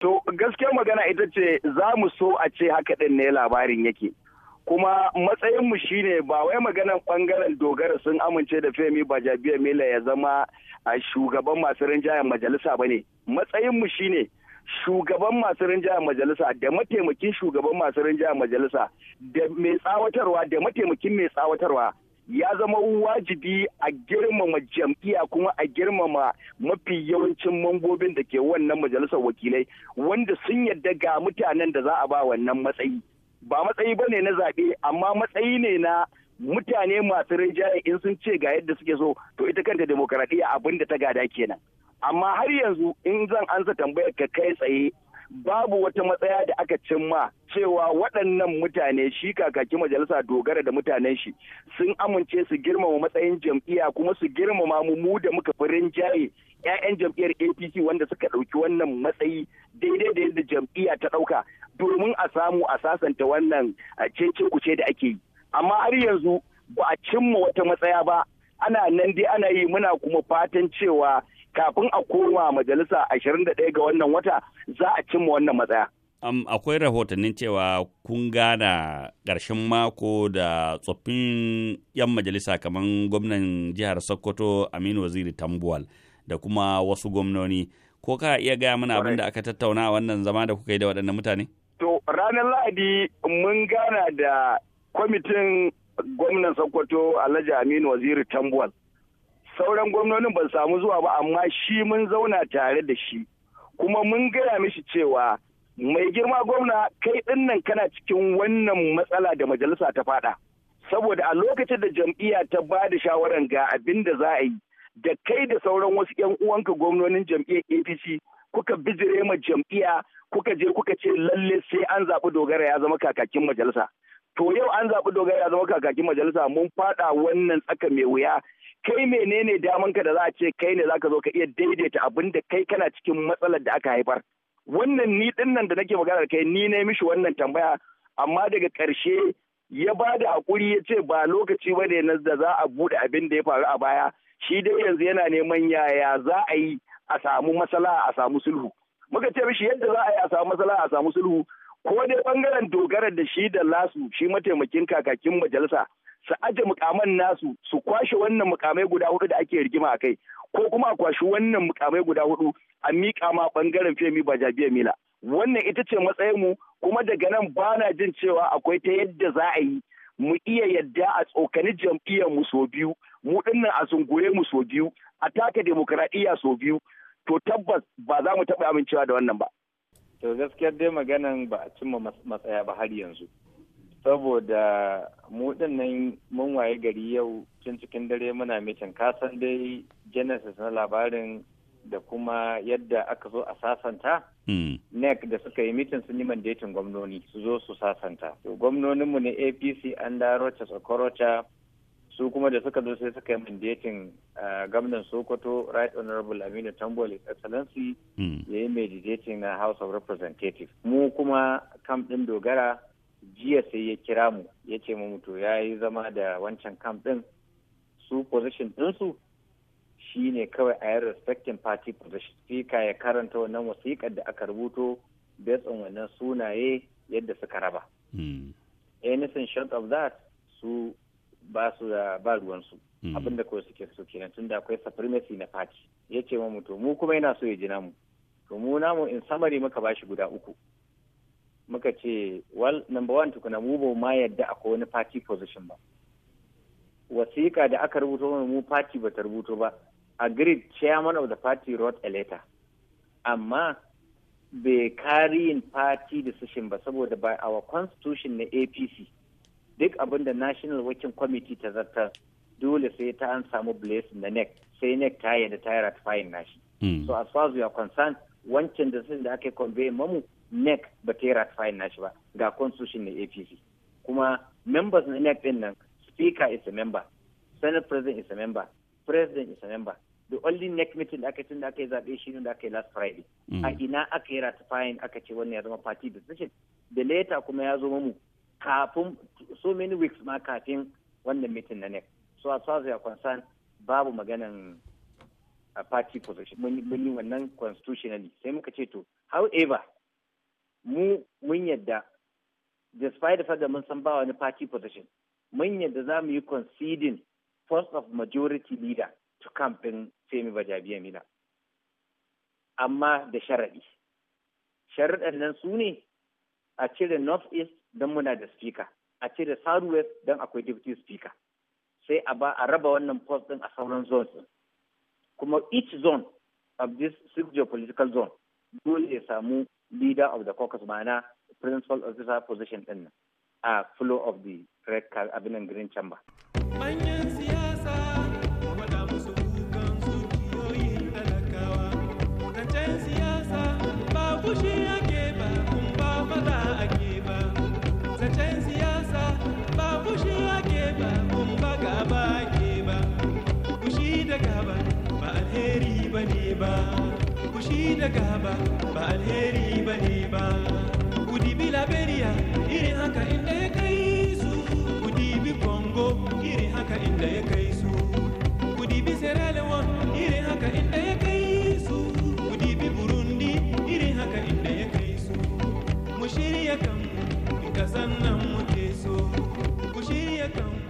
To gaskiyar magana ita ce za mu so a ce haka ɗin ne labarin yake. Kuma matsayinmu shine ba wai maganan ɓangaren dogara sun amince da Femi ba Bajabiya Mila ya zama a shugaban masu rinjayen majalisa ba ne. Matsayinmu shine shugaban masu rinjayen majalisa da mataimakin shugaban masu rinjayen majalisa da mai tsawatarwa da mataimakin mai tsawatarwa ya zama wajibi a girmama jam'iyya kuma a girmama mafi yawancin mambobin da ke wannan majalisar wakilai wanda sun yadda ga mutanen da za a ba wannan matsayi ba matsayi ba ne na zaɓe amma matsayi ne na mutane masu rinjaye in sun ce ga yadda suke so to ita kanta demokaradiyya abin da ta gada kenan amma har yanzu in zan ansa tambayar ka kai tsaye babu wata matsaya da aka cimma cewa waɗannan mutane shi kakaki majalisa dogara da mutanen shi sun amince su girmama matsayin jam'iyya kuma su girmama mu mu da muka fi rinjaye 'ya'yan jam'iyyar apc wanda suka ɗauki wannan matsayi daidai da yadda jam'iyya ta ɗauka domin a samu a sasanta wannan cece kuce da ake yi amma har yanzu ba a cimma wata matsaya ba ana nan dai ana yi muna kuma fatan cewa kafin a koma majalisa 21 ga wannan wata za a cimma wannan matsaya. Um, akwai rahotannin cewa kun gana ƙarshen mako da tsoffin 'yan majalisa kamar gwamnan jihar Sokoto Aminu Waziri Tambuwal da kuma wasu gwamnoni. Ko ka iya gaya mana abin da aka tattauna a wannan zama da kuka yi da waɗannan mutane? To, ranar Lahadi mun gana da kwamitin gwamnan Sokoto Alhaji Aminu Waziri Tambuwal. sauran gwamnonin ba samu zuwa ba amma shi mun zauna tare da shi kuma mun gaya mishi cewa mai girma gwamna kai dinnan kana cikin wannan matsala da majalisa ta fada saboda a lokacin da jam'iyya ta ba da shawaran ga abin da za a yi da kai da sauran wasu 'yan uwanka gwamnonin jam'iyyar apc kuka bijire ma jam'iyya kuka je kuka ce lalle sai an zaɓi dogara ya zama kakakin majalisa to yau an zaɓi dogara ya zama kakakin majalisa mun faɗa wannan tsaka mai wuya kai menene damanka da za a ce kai ne za ka zo ka iya daidaita abin da kai kana cikin matsalar da aka haifar wannan ni dinnan da nake magana da kai ni ne mishi wannan tambaya amma daga ƙarshe ya ba da hakuri ya ce ba lokaci ba ne da za a buɗe abin da ya faru a baya shi dai yanzu yana neman yaya za a yi a samu masala a samu sulhu muka ce mishi yadda za a yi a samu masala a samu sulhu ko dai bangaren dogara da shi da lasu shi mataimakin kakakin majalisa su aje mukaman nasu su kwashe wannan mukamai guda hudu da ake rigima a kai ko kuma a kwashe wannan mukamai guda hudu a miƙa ma bangaren femi bajabiya mila wannan ita ce matsayin mu kuma daga nan ba na jin cewa akwai ta yadda za a yi mu iya yadda a tsokani jam'iyyar mu so biyu mu dinnan a sungure mu so biyu a taka demokradiyya so biyu to tabbas ba za mu taɓa amincewa da wannan ba to gaskiyar dai maganan ba a cimma matsaya ba har yanzu saboda mu nan mun waye gari yau tun cikin dare muna mitin kasan dai genesis na labarin da kuma yadda aka zo a sasanta hmm. nec da suka yi mitin sun yi mandatin gwamnoni su zo su sasanta to gwamnoninmu na apc an da rocha su kuma da suka zo sai suka yi mandatin eh, gwamnan sokoto right honorable aminu tambol his excellency hmm. ya yi mandating na house of representatives mu kuma kam din dogara jiya sai ya kira mu ya ce mu to ya yi zama da wancan kam din su position ɗinsu shi ne kawai a yi respecting party position fika ya karanta wannan wasiƙar da aka rubuto based on wannan sunaye yadda suka raba hmm. anything short of that su ba su da ba ruwansu hmm. abin da kawai suke so kenan tun da akwai supremacy na party ya ce mu to mu kuma yana so ya ji namu to mu namu in samari muka bashi guda uku muka ce well number one tukuna mu ba ma yadda akwai wani party position ba wasiƙa da aka rubuto mana mu party ba ta rubuto ba agreed chairman of the party wrote a letter amma bai kari yin party decision ba saboda by our constitution na apc duk abin da national working committee ta zartar dole sai ta an samu blessing da nec sai nec ta da ta yi ratifying nashi hmm. so as far as we are concerned wancan da da aka convey mamu nec ba ta yi ratifying nashi ba ga constitution na apc kuma members na nec din nan speaker is a member senate president is a member president is a member the only neck meeting da aka tun da aka yi zaɓe shi ne da aka yi last friday hmm. a ina aka yi ratifying aka ce wannan ya zama party decision da later kuma ya zo mamu kafin so many weeks ma kafin wannan meeting na next so as far as ya concern babu maganan a uh, party position mun yi wannan constitutionally sai muka ce to however mu mun yadda despite the fact da mun san ba wani party position mun yadda za mu yi conceding force of majority leader to campaign Femi Bajabiya Mina. Amma da sharaɗi. Sharaɗan nan su ne a cire North East don muna da speaker a ce da southwest don akwai deputy speaker sai a ba a raba wannan post din a sauran zones din kuma each zone of this six geopolitical zone dole ya samu leader of the caucus ma'ana principal officer position din a flow of the red card abinan green chamber da gaba ba alheri ba ne ba bi laberiya irin haka inda ya kai su kudi bi congo iri haka inda ya kai su bi sierra leone iri haka inda ya kai su bi burundi iri haka inda ya kai su mu shirya kasan nan muke so ku shirya kan